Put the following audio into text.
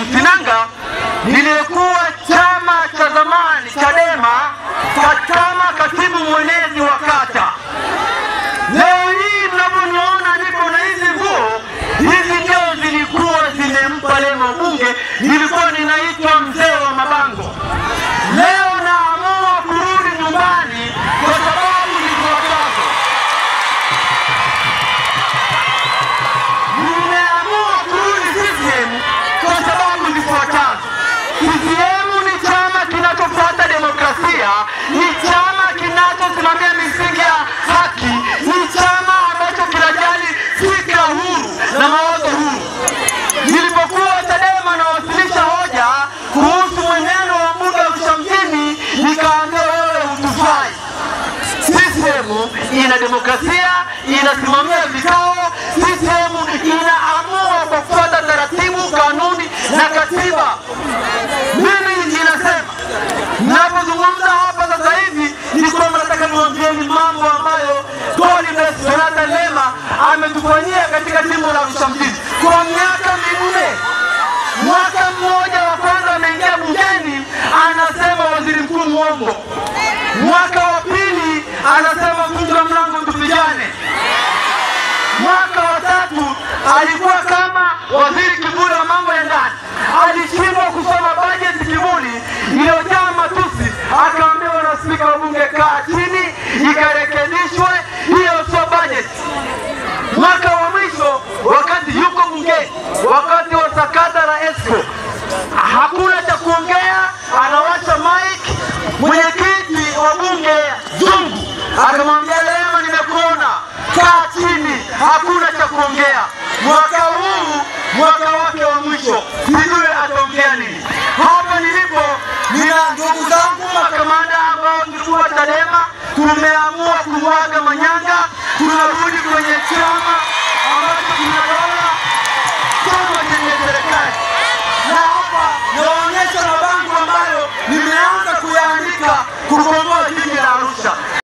Mfinanga nilikuwa chama cha zamani Chadema kama katibu mwenezi wa kata. Leo hii mnavyoniona nipo na hizi nguo hizi, ndio zilikuwa zimempa lema bunge, nilikuwa ninaitwa mzee wa mabango. Leo na Tanzania ni chama kinachosimamia misingi ya haki, ni chama ambacho kinajali fikra huru na mawazo huru. Nilipokuwa Chadema nawasilisha hoja kuhusu mwenendo wa mbunge wa Arusha Mjini, nikaambia wewe hutufai. CCM ina demokrasia, inasimamia vikao. CCM inaamua kwa kufuata taratibu, kanuni na katiba ninazungumza hapa sasa hivi ni kwamba nataka niwambieni mambo ambayo Godbless Jonathan Lema ametufanyia katika jimbo la Mshambulizi kwa miaka minne. Mwaka mmoja wa kwanza ameingia bungeni, anasema waziri mkuu mwongo. Mwaka wa pili anasema funga mlango tupijane. Mwaka wa tatu alikuwa kama waziri kivuli wa mambo ya ndani, alishinda thelathini ikarekebishwe. Hiyo sio bajeti. Mwaka wa mwisho, wakati yuko bungeni, wakati wa sakata la esco, hakuna cha kuongea, anawasha mic. Mwenyekiti wa bunge Zungu akamwambia Lema, nimekuona kaa chini, hakuna cha kuongea. Mwaka huu mwaka wake wa mwisho tumeamua kuwaga manyanga, tunarudi kwenye chama ambacho kina chama chenye serikali. Na hapa naonyesha mabango ambayo nimeanza kuyaandika kukomboa